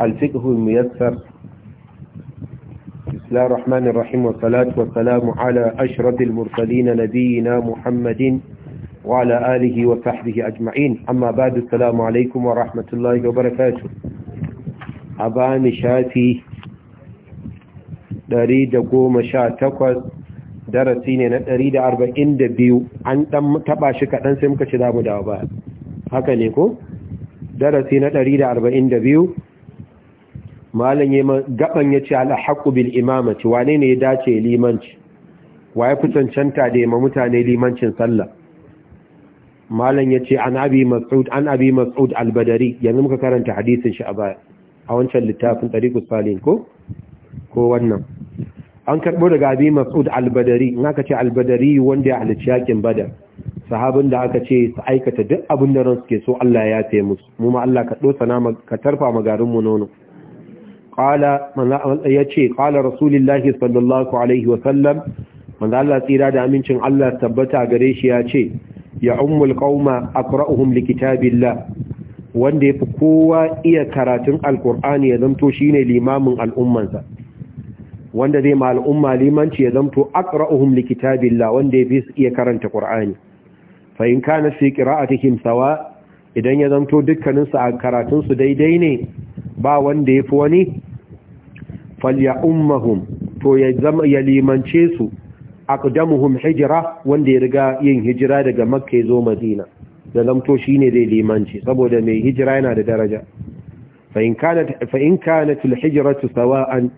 الفقه الميسر بسم الله الرحمن الرحيم والصلاة والسلام على أشرف المرسلين نبينا محمد وعلى آله وصحبه أجمعين أما بعد السلام عليكم ورحمة الله وبركاته أبان شافي دريد قوم شاتكوز darasi ne na 142 an dan taba shi kadan sai muka ci zamu dawo ba haka ne ko darasi na malam ya gaban ya ce alhaku bil imamati wane ne ya dace limanci wa ya fi cancanta da yamma mutane limancin sallah malam ya ce an abi mas'ud an abi yanzu muka karanta hadisin shi a baya a wancan littafin tariqus salin ko ko wannan an karɓo daga abi mas'ud Albadari, in aka ce Albadari wanda ya halicci yakin badar sahabin da aka ce su aikata duk abin da ran suke so Allah ya yafe musu mu ma Allah ka dosa na ka tarfa magarin mu nono qala ya ce qala rasulullahi sallallahu alaihi wasallam manzo Allah tsira da amincin Allah tabbata gare shi ya ce ya ummul qauma aqra'uhum likitabillah wanda yafi kowa iya karatun Alƙur'ani ya zanto shine limamin al'ummansa wanda zai ma al'umma limanci ya zanto aqra'uhum likitabillah wanda yafi iya karanta qur'ani fa in kana a qira'atihim sawa idan ya zanto dukkanin a karatunsu daidai ne ba wanda ya fi wani falya ummahum to ya zama ya limance su aqdamuhum hijira wanda ya riga yin hijira daga makka ya zo madina da shi ne zai limanci saboda mai hijira yana da daraja fa in kanat fa in sawa'an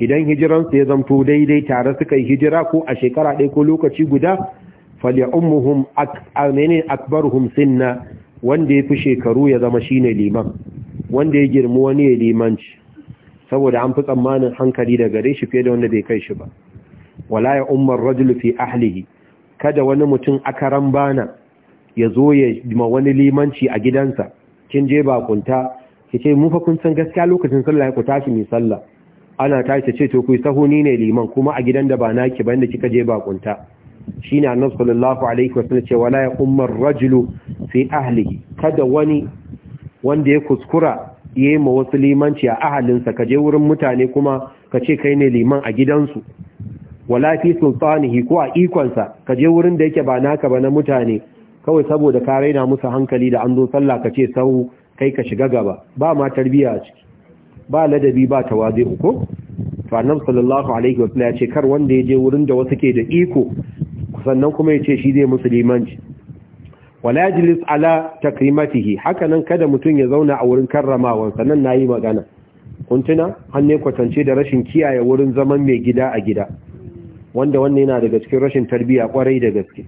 idan hijiransu ya zamto daidai tare suka yi hijira ko a shekara ɗaya ko lokaci guda falya ummuhum akbaruhum sinna wanda ya fi shekaru ya zama shine liman wanda ya girmi wani ya limanci saboda an fi tsammanin hankali daga gare shi fiye da wanda bai kai shi ba wala ya ummar rajul fi ahlihi kada wani mutum akaran bana ya zo ya ma wani limanci a gidansa kin je bakunta ki ce mu fa kun san gaskiya lokacin sallah ku tashi mi sallah ana ta ce to ku sahuni ne liman kuma a gidan da ba naki ba inda kika je bakunta shine annabi sallallahu alaihi wasallam ce wala ya ummar rajulu fi ahlihi kada wani wanda ya kuskura ya yi ma wasu limanci a ahalinsa ka je wurin mutane kuma ka ce kai ne liman a gidansu wala fi sultanihi ko a ikonsa ka je wurin da yake ba naka ba na mutane kawai saboda ka raina musu hankali da an zo sallah ka ce sau kai ka shiga gaba ba ma tarbiya a ciki ba ladabi ba tawazi'u ko to nan sallallahu alaihi wa sallam ya ce kar wanda ya je wurin da wasu ke da iko sannan kuma ya ce shi zai musu limanci wala yajlis ala takrimatihi hakanan kada mutum ya zauna a wurin karramawan sanan nayi magana Kuntuna, tuna hanne kwatance da rashin kiyaye wurin zaman mai gida a gida wanda wannan yana daga cikin rashin tarbiya kwarai da gaske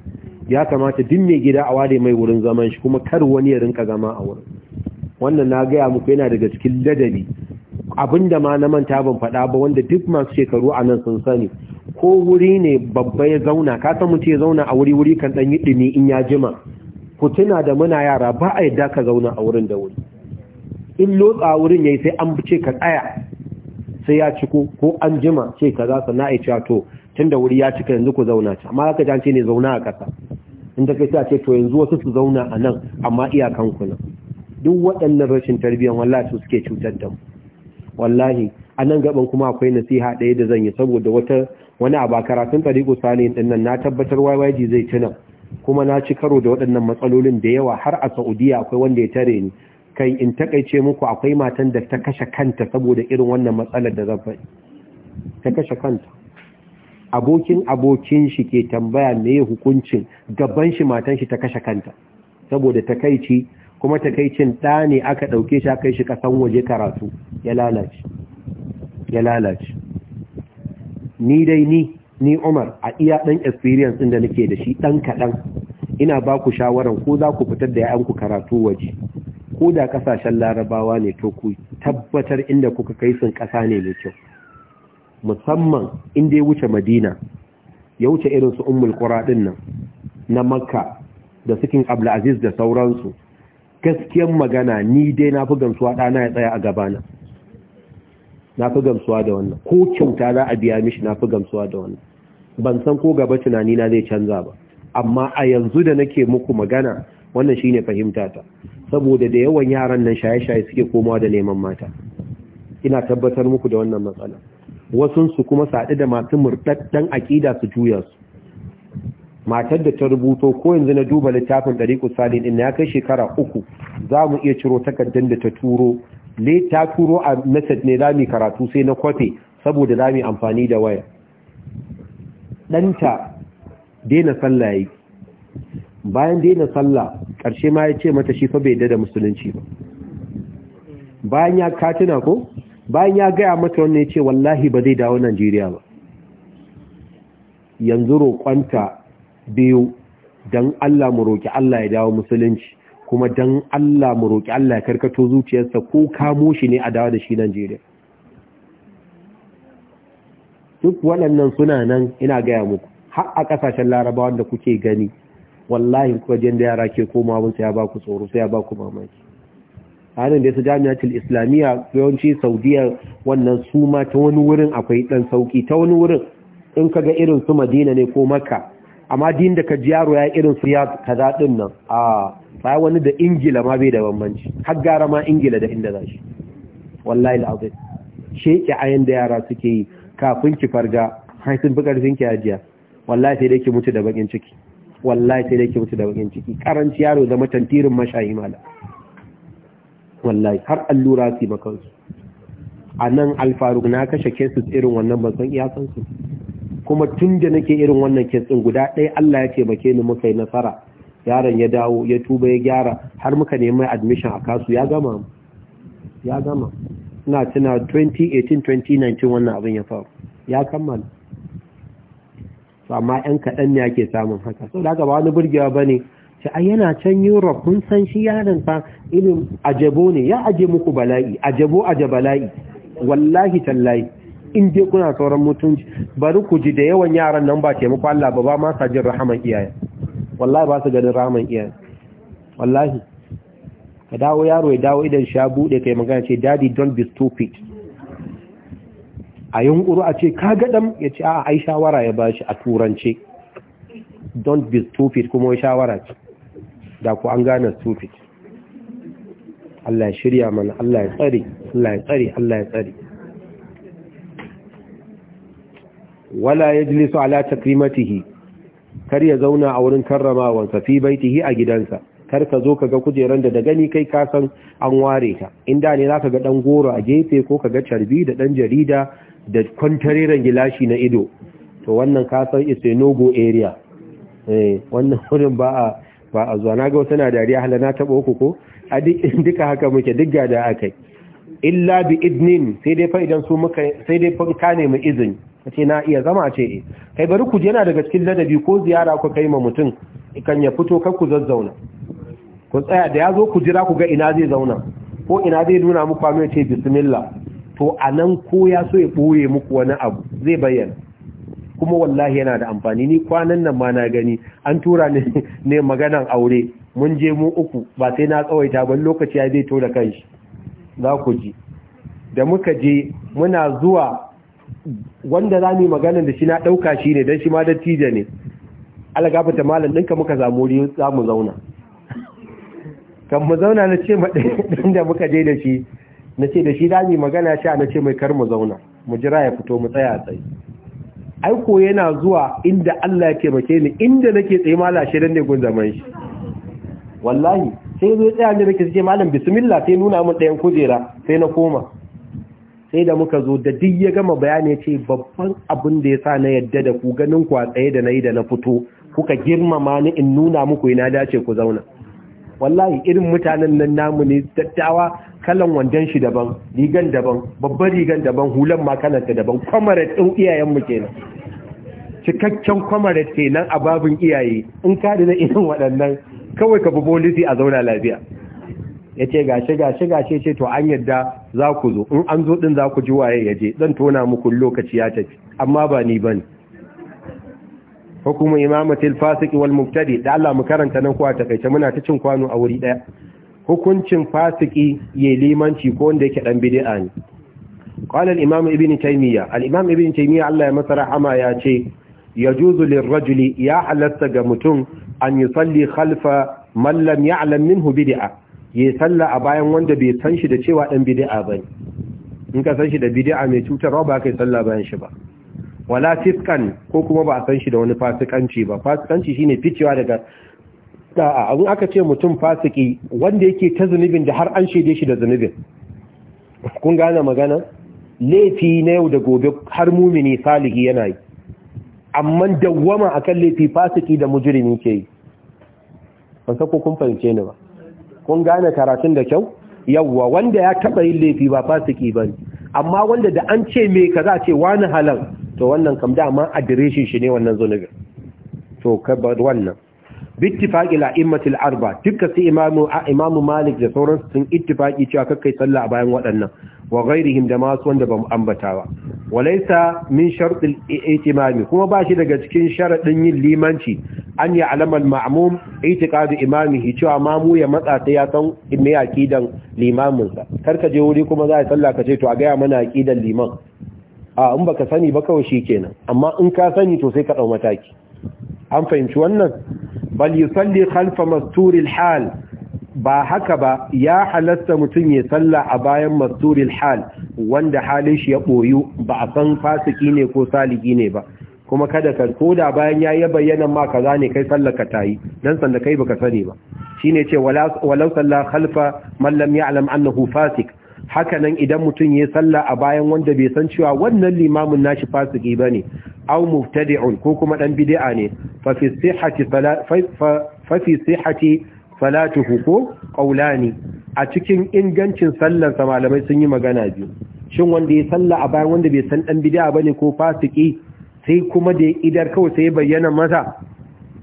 ya kamata din mai gida a ware mai wurin zaman shi kuma kar wani ya rinka zama a wurin wannan na gaya muku yana daga cikin ladabi abinda ma na manta ban faɗa ba wanda duk masu shekaru a nan sun sani ko wuri ne babba ya zauna ka san mutum ya zauna a wuri wuri kan ɗan yi dumi in ya jima ku tuna da muna yara ba a yadda ka zauna a wurin da wuri in lotsa wurin ya yi sai an ce ka tsaya sai ya ciko ko an jima ce ka za su na aice to tun da wuri ya cika yanzu ku zauna ci amma haka jan ne zauna a ƙasa in ta kai ce to yanzu wasu su zauna a nan amma iyakan ku nan duk waɗannan rashin tarbiyyar wallahi su suke cutar da mu wallahi a nan gaban kuma akwai nasiha ɗaya da zan yi saboda wata wani abakara karatun tariƙo salihin ɗin na tabbatar yyg zai tuna kuma na ci karo da waɗannan matsalolin da yawa har a Saudiyya akwai wanda ya tare ni kai in takaice muku akwai matan da ta kashe kanta saboda irin wannan matsalar da zan faɗi ta kashe kanta abokin abokin shi ke tambaya me hukuncin gaban shi matan shi ta kashe kanta saboda takaici kuma takaicin ɗa ne aka ɗauke shi aka yi shi ƙasan waje karatu ya lalace ya lalace ni dai ni ni Umar a iya ɗan experience in da nake da shi ɗan kaɗan, ina ba ku shawaran ko za ku fitar da yayanku karatu waje ko da kasashen larabawa ne to ku tabbatar inda kuka kai sun kasa ne mai kyau musamman inda ya wuce madina ya wuce irin su ummul qura ɗin nan na makka da sukin abdulaziz da sauransu gaskiyan magana ni dai na fi gamsuwa ɗana ya tsaya a gabana na fi gamsuwa da wannan ko kyauta za a biya mishi na fi gamsuwa da wannan ban san ko gaba tunani na zai canza ba amma a yanzu da nake muku magana wannan shine fahimta ta saboda da yawan yaran nan shaye-shaye suke komawa da neman mata ina tabbatar muku da wannan matsala wasun su kuma saɗi da masu murɗaɗɗen aƙida su juya su matar da ta rubuto ko yanzu na duba littafin ɗariƙu salin ɗin ya kai shekara uku za mu iya ciro takardar da ta turo le ta turo a message ne za karatu sai na kwafe saboda za amfani da waya ɗanta daina sallah yi bayan daina sallah ƙarshe ma ya ce mata shi fa bai dada da musulunci ba bayan ya katina ko bayan ya gaya mata wannan ya ce wallahi ba zai dawo Najeriya ba yanzu roƙonta biyu don Allah mu roƙi Allah ya dawo musulunci kuma dan Allah mu roki Allah ya karkato zuciyarsa ko kamo shi ne a dawo da shi Najeriya duk waɗannan suna nan ina gaya muku har a ƙasashen larabawa da kuke gani wallahi kuka jin da yara ke koma abin sai ya ba ku tsoro sai ya ba ku mamaki halin da su jami'atul islamiyya yawanci saudiya wannan suma, ma ta wani wurin akwai dan sauki ta wani wurin in ka ga irin su madina ne ko makka amma din da ka ji yaro ya irin su ya kaza din nan a ba wani da ingila ma bai da bambanci har gara ma ingila da inda zashi wallahi alazim sheke ayan da yara suke yi kafin ki farga har sun fi sun ki wallahi sai dai ki mutu da bakin ciki wallahi sai dai ki mutu da bakin ciki karanci yaro da matantirin mashayi mala wallahi har allura su makansu a nan alfaru na kashe kesus irin wannan ban san iyakansu kuma tun da nake irin wannan kitsin guda ɗaya Allah ya taimake ni muka yi nasara yaron ya dawo ya tuba ya gyara har muka nemi admission a kasu ya gama ya gama ina tuna 2018 2019 wannan abin ya faru ya kammala amma yan kaɗan ne ake samun haka sau da haka ba wani burgewa ba ne ce a yana can europe kun san shi yaron fa ilin ajabo ne ya aje muku bala'i ajabo aje bala'i wallahi tallahi in dai kuna sauran mutunci bari ku ji da yawan yaran nan ba muku Allah ba ba ma sa jin rahaman iyaye wallahi ba su ganin rahaman iyaye wallahi ka dawo yaro ya dawo idan sha bude kai magana ce daddy don't be stupid a yunkuru a ce ka gaɗam ya ce a ai shawara ya bashi a turance don't be stupid kuma wai shawara ce da ku an gane stupid Allah ya shirya mana Allah ya tsare Allah ya tsare Allah ya tsare wala ya yajlisu ala takrimatihi kar ya zauna a wurin karramawansa fi baitihi a gidansa kar ka zo ga kujeran da da gani kai ka san an ware ta inda ne zaka ga dan goro a gefe ko ka ga carbi da dan jarida da kwantareren gilashi na ido to wannan ka san is a no go area eh, wannan wurin ba a ba a zuwa naga wasu na dariya hala na taba uku ko a duka haka muke duk gada akai illa bi idnin sai dai fa idan su muka sai dai fa ka nemi izini kace na iya zama ce eh. kai bari ku je na daga cikin ladabi ko ziyara ku kai ma mutum kan ya fito kar ku zazzauna ku tsaya da yazo ku jira ku ga ina zai zauna ko ina zai nuna muku amma ya ce bismillah to anan ko ya so ya boye muku wani abu zai bayyana kuma wallahi yana da amfani ni kwanan nan ma na gani an tura ni ne maganan aure mun je mu uku ba sai na tsawaita ba lokaci ya zai to da kanshi za ku ji da muka je muna zuwa wanda za mu yi magana da shi na ɗauka shi ne don shi ma dattijo ne algafata malam ɗinka muka samu za mu zauna kan mu zauna na ce ɗin da muka je da shi na ce da shi za mu yi magana sha na ce mai kar mu zauna mu jira ya fito mu tsaya a tsaye aiko yana zuwa inda Allah ya taimake ni inda nake tsaye mala shirin ne gun zaman shi wallahi sai zo tsaya da rikis ke malam bismillah sai nuna mun ɗayan kujera sai na koma sai da muka zo da duk ya gama bayani ya ce babban abin da ya sa na yadda da ku ganin ku a tsaye da na yi da na fito kuka girmama ni in nuna muku ina dace ku zauna wallahi irin mutanen nan namu ne dattawa kalan wandon shi daban rigan daban babban rigan daban hulan ma kalan ta daban kwamarat ɗin iyayenmu kenan cikakken kwamarat kenan a babin iyaye in ka da irin waɗannan kawai ka fi bolisi a zauna lafiya ya ce gashi gashi gashi ce to an yadda za ku zo in an zo din za ku ji waye ya je zan tona muku lokaci ya tafi amma ba ni bane hukumu imamatil fasiki wal mubtadi da Allah mu karanta nan kuwa takaice muna ta cin kwano a wuri daya hukuncin fasiki ya limanci ko wanda yake dan bid'a ne qala al imam ibn taymiya al imam ibn taymiya Allah ya masa rahama ya ce yajuzu lirrajuli ya halatta ga mutum an yi salli khalfa Mallam ya alamin minhu bid'a ya salla a bayan wanda bai san shi da cewa dan bid'a ne in ka san shi da bidi'a mai cutarwa ba yi salla bayan shi ba wala fiskan ko kuma ba a san shi da wani fasikanci ba fasikanci shi ne ficewa daga da'a in aka ce mutum fasiki wanda yake ta zunubin da har an shaide shi da zunubin kun gane magana laifi na yau da gobe har mumini salihi yana yi amma dawwama akan laifi fasiki da mujrimi ke yi ban sako kun fahimce ni ba kun gane karatun da kyau yawwa wanda ya taba yin laifi ba fasiki bane amma wanda da an ce me kaza ce wani halal to wannan kam dama adireshin shi ne wannan zunubin to kabar wannan bittifaqi la'immatil arba dukkan su imamu malik da sauransu sun ittifaqi cewa kai sallah a bayan waɗannan wa ghairihim da masu wanda ba ambata ba. walaisa min sharɗin itimami kuma ba shi daga cikin sharaɗin yin limanci an yi alamar ma'amum itikadu imamihi cewa mamu ya matsa ta ya san mai aƙidan limaminsa karka je wuri kuma za a sallah ka ce to a gaya mana akidan liman a in baka sani ba kawai shi kenan amma in ka sani to sai ka ɗau mataki an fahimci wannan bal yusalli khalfa masturil hal ba haka ba ya halatta mutum ya salla a bayan masturil hal wanda halin shi ya boyu ba a san fasiki ne ko saligi ne ba kuma kada ka koda bayan ya yi bayyana ma kaza ne kai sallaka tayi dan sanda kai baka sani ba shine ce walau salla khalfa man lam ya'lam annahu fasik haka nan idan mutum ya salla a bayan wanda bai san cewa wannan limamin nashi fasiki bane aw mubtadi'un ko kuma dan bid'a ne fa fi sihhati fa fi sihhati salatuhu ko qaulani a cikin ingancin sallar sa malamai sun yi magana biyu shin wanda ya salla a bayan wanda bai san dan bid'a bane ko fasiki sai kuma da idar kawai sai bayyana masa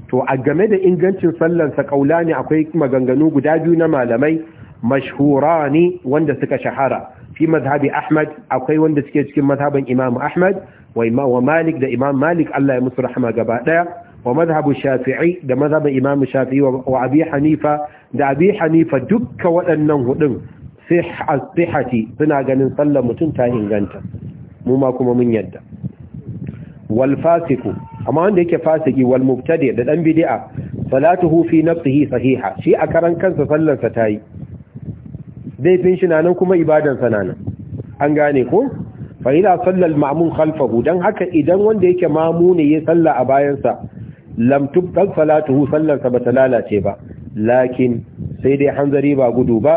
to a game da ingancin sallar sa qaulani akwai maganganu guda biyu na malamai mashhurani wanda suka shahara fi mazhabi ahmad akwai wanda suke cikin mazhaban imam ahmad wa imam malik da imam malik Allah ya musu rahama gaba daya wa mazhabu Shafi'ai da mazhabin imam shafi'i wa abi hanifa da abi hanifa dukka waɗannan hudun sihati suna ganin sallar mutum ta inganta mu ma kuma mun yadda wal fasiku amma wanda yake fasiki wal mubtadi da dan bid'a salatuhu fi nafsihi sahiha shi a karan kansa sallar sa tayi dai shi nan kuma ibadan sa nan an gane ko fa ila sallal ma'mun khalfahu dan haka idan wanda yake mamu ne ya salla a bayan sa lam tubtal salatuhu sallarsa bata lalace ba lakin sai dai hanzari ba gudu ba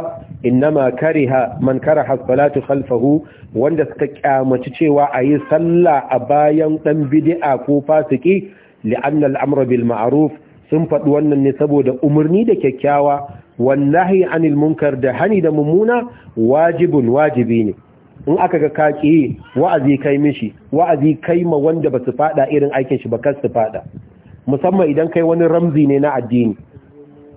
innama kariha man karaha salatu khalfahu wanda suka kyamaci cewa ayi sallah a bayan dan bid'a ko fasiki li'anna al-amru bil ma'ruf sun faɗi wannan ne saboda umarni da kyakkyawa wallahi anil munkar da hani da mummuna wajibun wajibi ne in aka ga kaki wa'azi kai mishi wa'azi kai ma wanda ba su fada irin aikin shi ba kar su fada musamman idan kai wani ramzi ne na addini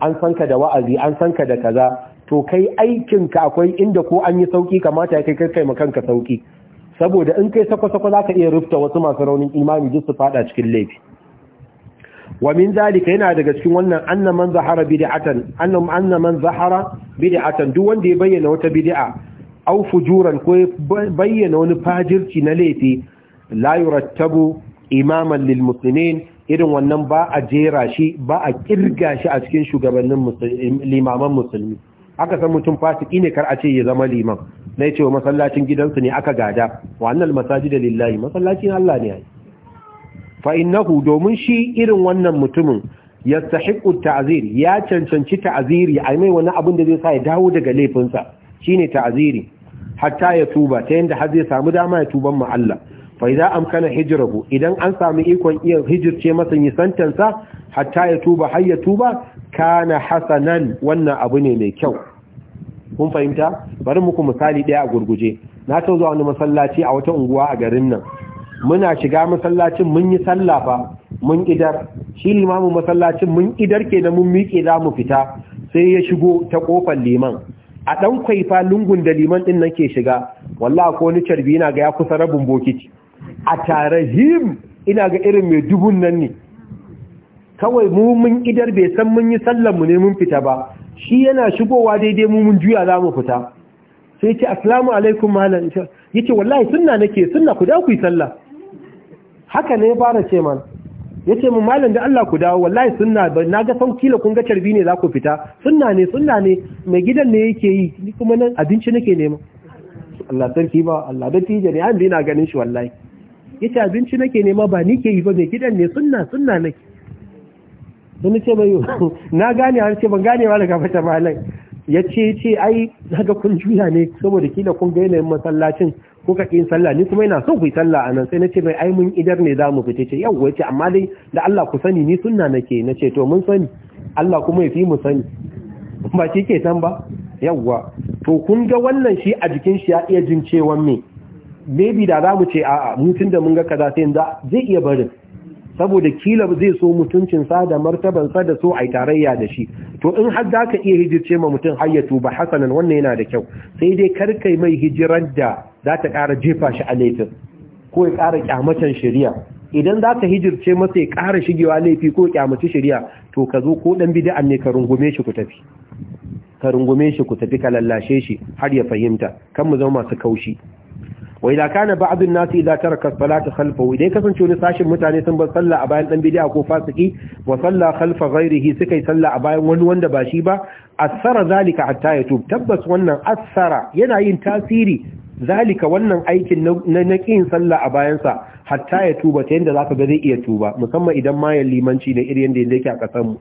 an san ka da wa'azi an san ka da kaza to kai aikin ka akwai inda ko an yi sauki kamata ya kai kai kai kanka sauki saboda in kai sako-sako za ka iya rufta wasu masu raunin imani duk su fada cikin laifi wa min zalika yana daga cikin wannan anna man zahara bid'atan annam anna man zahara bid'atan duk wanda ya bayyana wata bid'a aw fujuran ko bayyana wani fajirci na laifi la yurattabu imaman lil muslimin irin wannan ba a jera shi ba a kirga shi a cikin shugabannin limaman musulmi aka san mutum fasiki ne kar a ce ya zama liman na ce wa masallacin gidansu ne aka gada wa annal da lillahi masallacin Allah ne ai fa innahu domin shi irin wannan mutumin ya yastahiqu ta'zir ya cancanci ta'ziri ai mai wani abin da zai sa ya dawo daga laifinsa Shi ne ta'aziri hatta ya tuba ta yanda har zai samu dama ya tuban mu Allah fa idza amkana hijrahu idan an samu ikon iya hijirce masa nisantansa hatta ya tuba har ya tuba kana hasanan wannan abu ne mai kyau kun fahimta bari muku misali daya a gurguje na ta zuwa wani masallaci a wata unguwa a garin nan muna shiga masallacin mun yi sallah mun idar shi limamin masallacin mun idar ke da mun miƙe za mu fita sai ya shigo ta kofar liman a ɗan kwaifa lungun da liman ɗin nan ke shiga wallah ko wani carbi na ga ya kusa rabin bokiti a tare him ina ga irin mai dubun nan ne kawai mu mun idar bai san mun yi sallanmu ne mun fita ba shi yana shigowa daidai mu mun juya za mu fita sai ce assalamu alaikum malam yace wallahi sunna nake sunna ku dawo ku yi sallah haka ne fara ce man yace mu malam da Allah ku dawo wallahi sunna ba na ga sauki la kun ga tarbi ne za ku fita sunna ne sunna ne mai gidan ne yake yi ni kuma nan abinci nake nema Allah sarki ba Allah da tije ne an bi na ganin shi wallahi ita abinci nake nema ba ni ke yi ba mai gidan ne sunna sunna nake sun ce mai na gane har ce ban gane ba daga fata malai ya ce ce ai daga kun juya ne saboda kila kun ga yanayin masallacin ko ka kin sallah ni kuma ina son ku yi sallah anan sai nace mai ai mun idar ne zamu fita ce ya ce amma dai da Allah ku sani ni sunna nake nace to mun sani Allah kuma ya fi mu sani ba shi ke san ba Yauwa to kun ga wannan shi a jikin shi ya iya jin cewan me maybe da za mu ce a'a mutum da mun ga kaza sai zai iya barin saboda kila zai so mutuncin sa da sa da so a tarayya da shi to in har za ka iya hijirce ma mutum hayyatu ba hasanan wannan yana da kyau sai dai kar kai mai hijirar da za ta ƙara jefa shi a laifin ko ya ƙara ƙyamacin shari'a idan za ka hijirce masa ya ƙara shigewa laifi ko ƙyamaci shari'a to ka zo ko ɗan bida'an ne ka rungume shi ku tafi ka rungume shi ku tafi ka lallashe shi har ya fahimta kan mu zama masu kaushi wa idan kana ba'd an-nas ta taraka as-salata khalfahu idan kasance wani sashin mutane sun bar sallah a bayan dan bid'a ko fasiki wa salla khalfa ghairihi suka yi sallah a bayan wani wanda ba shi ba asara zalika hatta yatub tabbas wannan asara yana yin tasiri zalika wannan aikin na naqin sallah a bayansa hatta ya tuba ta yadda zaka ga zai iya tuba musamman idan ma ya limanci ne irin da yake a kasan mu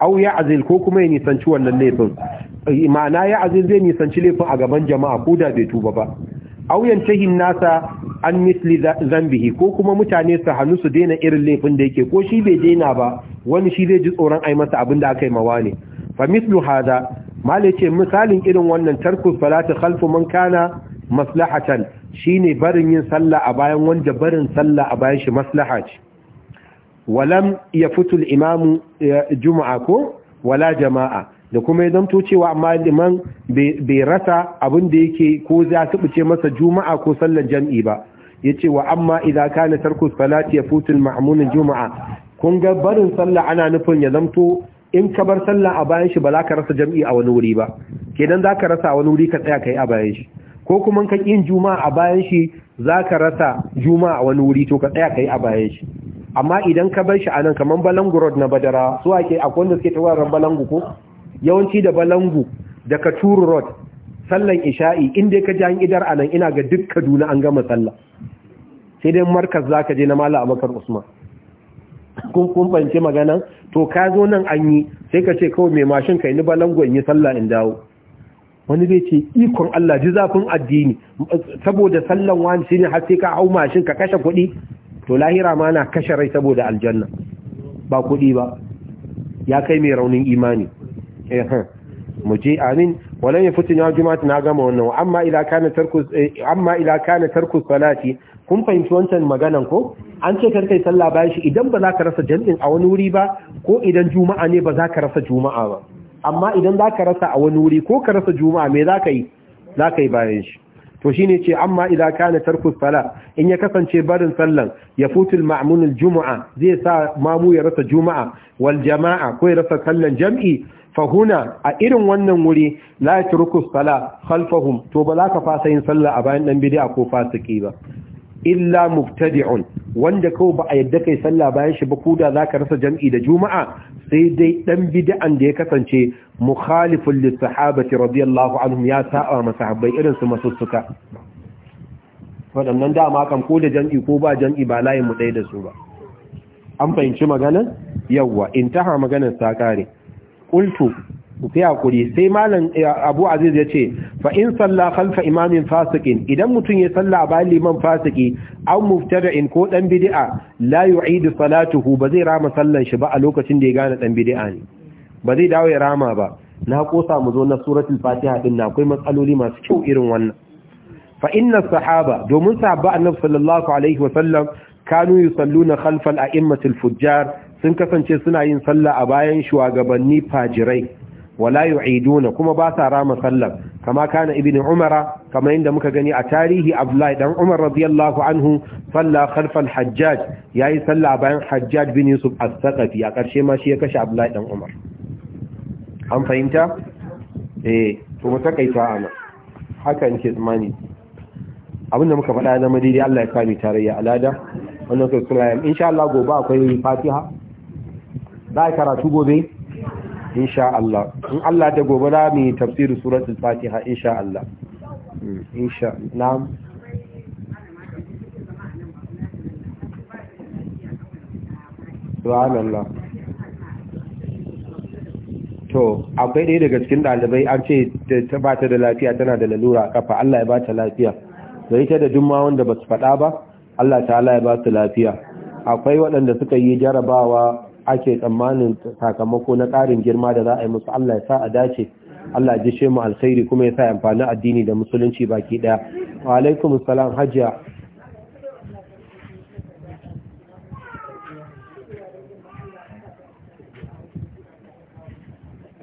aw ya ko kuma ya nisanci wannan laifin ma'ana ya zai nisanci laifin a gaban jama'a ko da bai tuba ba auyan tahin nasa an misli zambihi ko kuma mutane su hannu su daina irin laifin da yake ko shi bai daina ba wani shi zai ji tsoron ai masa abin da aka yi mawa ne fa mislu hada malai ce misalin irin wannan tarkus salati khalfu man kana maslahatan shine barin yin sallah a bayan wanda barin sallah a bayan shi maslaha ce walam ya al-imamu eh, juma'a ko wala jama'a da kuma ya zamto cewa amma liman bai rasa abin da yake ko za su bice masa juma'a ko sallar jam'i ba ya ce wa amma idan ka na tarku salati ya futun ma'amunin juma'a kun ga barin sallah ana nufin ya zamto in ka bar sallah a bayan shi ba za ka rasa jam'i a wani wuri ba kenan za ka rasa a wani wuri ka tsaya ka yi a bayan shi ko kuma ka ƙin juma'a a bayan shi za ka rasa juma'a a wani wuri to ka tsaya ka yi a bayan shi amma idan ka bar shi a nan kamar balangu road na badara su ake akwai wanda suke tawarar balangu ko yawanci da balangu da katuru rod sallan isha'i inda ka jan idar a nan ina ga duk kaduna an gama sallah sai dai markaz za ka je na mala abakar usman kun kumfance magana to ka zo nan an yi sai ka ce kawai mai mashin kai ni balangu in yi sallah in dawo wani zai ce ikon Allah ji zafin addini saboda sallan wani shi ne har sai ka hau mashin ka kashe kuɗi to lahira ma na kashe rai saboda aljanna ba kuɗi ba ya kai mai raunin imani mu ji amin walan yafutin yawm juma'a na gama wannan amma ila kana tarku eh, amma ila salati kun fahimci wancan maganan ko an ce kar kai sallah bayan shi idan ba za ka rasa jami'in a wani wuri ba ko idan juma'a ne ba za ka rasa juma'a ba amma idan za ka rasa a wani wuri ko ka rasa juma'a me za ka yi za ka yi bayan shi to shine ce amma idza kana tarku sala in ya kasance barin sallan ya al ma'mun juma'a zai sa mamu ya rasa juma'a wal jama'a ko ya rasa sallan jam'i fahuna a irin wannan wuri la yatruku sala khalfahum to ba za ka fasa yin sallah a bayan dan bid'a ko fasiki ba illa mubtadi'un wanda kawai ba a yadda kai sallah bayan shi ba kuda zaka rasa jam'i da juma'a sai dai dan bid'an da ya kasance mukhalifun lis-sahabati radiyallahu anhum ya sa'a masahabbai irin su masussuka waɗannan dama kan ko da jam'i ko ba jam'i ba layin mu ɗaya da su ba an fahimci maganar yawwa intaha maganar ta kare qultu ku hakuri sai malam eh, abu ya ce fa in salla khalfa imamin fasikin idan mutum ya salla a bayan liman fasiki an mubtada'in ko dan bid'a la yu'idu salatuhu ba zai rama sallar shi ba a lokacin da ya gane dan bid'a ne ba zai dawo ya rama ba na kosa mu zo na suratul fatiha din na akwai matsaloli masu kyau irin wannan fa inna sahaba domin sahabba annabi sallallahu alaihi wa sallam kanu yusalluna khalfa al-a'immatil fujjar sun kasance suna yin sallah a bayan shugabanni fajirai wala yu'iduna kuma ba sa rama sallar kama kana ibnu umara kama inda muka gani a tarihi abdullahi dan umar radiyallahu anhu salla khalfa al-hajjaj yayi salla bayan hajjaj bin yusuf as-saqafi a karshe ma shi ya kashe abdullahi dan umar an fahimta eh to mu takaita ana haka nake tsammani abinda muka faɗa zama daidai Allah ya kame tarayya alada wannan kai kuma insha Allah gobe akwai fatiha za a karatu gobe insha Allah in Allah ta gobe za mu yi tafsirin suratul fatiha insha Allah hmm, insha na'am subhanallah to akwai ɗaya daga cikin ɗalibai an ce ta ba ta da lafiya tana da lalura a kafa Allah ya ba ta lafiya da ita da duma wanda ba su faɗa ba Allah ta'ala ya ba su lafiya akwai waɗanda suka yi jarabawa ake tsammanin sakamako na ƙarin girma da za a yi musu Allah ya sa a dace Allah ji shi mu alkhairi kuma ya sa amfani addini da musulunci baki daya wa alaikum salam hajiya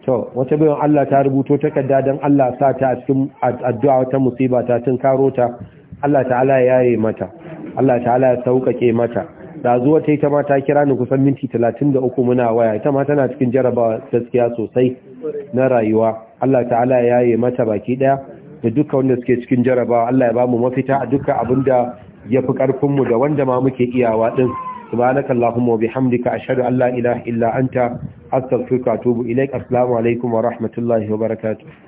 to wata bayan Allah ta rubuto takarda don Allah sa ta a cikin addu'a wata musiba ta tun karo ta Allah ta'ala ya yaye mata Allah ta'ala ya sauƙaƙe mata ɗazu wata ta ma ta kira ni kusan minti talatin da uku muna waya ita ma tana cikin jarabawa gaskiya sosai na rayuwa Allah ta'ala ya yi mata baki ɗaya da duka wanda suke cikin jarabawa Allah ya ba mu mafita a duka abin da ya fi ƙarfinmu da wanda ma muke iyawa ɗin subhanaka allahumma wa bihamdika ashhadu an la ilaha illa anta astaghfiruka wa atubu ilaik assalamu alaikum wa rahmatullahi wa barakatuh